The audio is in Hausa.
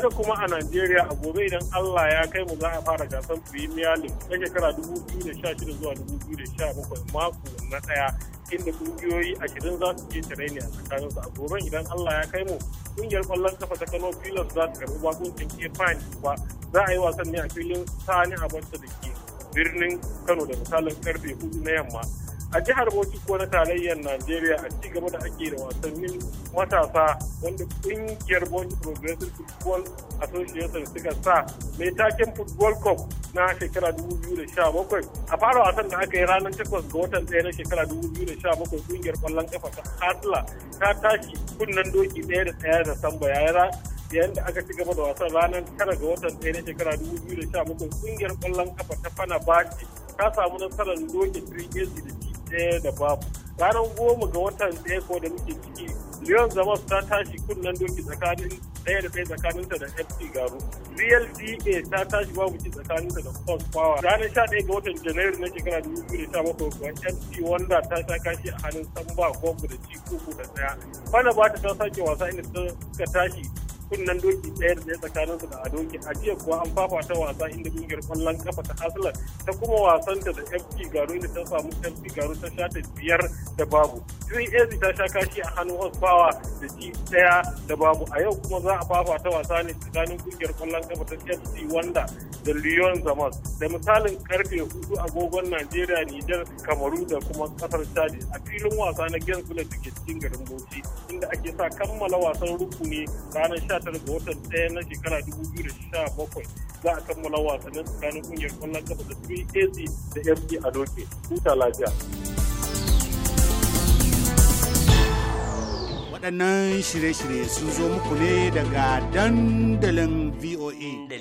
haka kuma a Najeriya a gobe idan Allah ya kai mu za a fara gasar Premier League ta shekara 2016 zuwa 2017 mako na daya inda kungiyoyi ashirin za su je ne a tsakanin su a goben idan Allah ya kai mu kungiyar kwallon kafa ta Kano Pilas za ta karbi bakuncin ba za a yi wasan ne a filin Sani Abacha da ke birnin Kano da misalin karfe 4 na yamma a jihar bauchi ko na tarayyar najeriya a ci gaba da ake da wasannin matasa wanda kungiyar bauchi progressive football association suka sa mai taken football cup na shekara 2017 a fara wasan da aka yi ranar 8 ga watan 1 na shekara 2017 kungiyar kwallon kafa ta hasla ta tashi kunnen doki ɗaya da tsaya da samba yayara yayin da aka ci gaba da wasan ranar 9 ga watan 1 na shekara 2017 kungiyar kwallon kafa ta fana ta samu nasarar doki 3 da ɗaya da babu ranar goma ga watan ɗaya ko da muke ciki Lyon Zamas ta tashi kunnen doki tsakanin ɗaya da ɗaya tsakaninta da FC Garu. VLDA ta tashi babu ci tsakaninta da Fox Power. Ranar sha ɗaya ga watan Janairu na shekara dubu biyu da sha bakwai kuwa FC Wanda ta sha kashi a hannun Samba Gogo da ci uku da ɗaya. Fana ba ta sake wasa inda suka tashi kunnen doki ɗaya da tsakaninsu da adoki a jiya kuwa an fafata wasa inda kungiyar kwallon kafa ta aslan ta kuma wasanta da fc garo inda ta samu fc garo ta sha ta biyar da babu ac ta sha kashi a hannun osbawa da ci ɗaya da babu a yau kuma za a fafata wasa ne tsakanin kungiyar kwallon kafa ta fc wanda da lyon zamas da misalin karfe hudu agogon najeriya nijar kamaru da kuma kasar chadi a filin wasa na gens da ke cikin garin bauchi inda ake sa kammala wasan rukuni ranar sha. 19 ga watan ɗaya na shekara bakwai za a kammala wasannin tsakanin kungiyar kwallon kafa da 3AC da FC a doke. Huta lafiya. Waɗannan shirye-shirye sun zo muku ne daga dandalin VOA.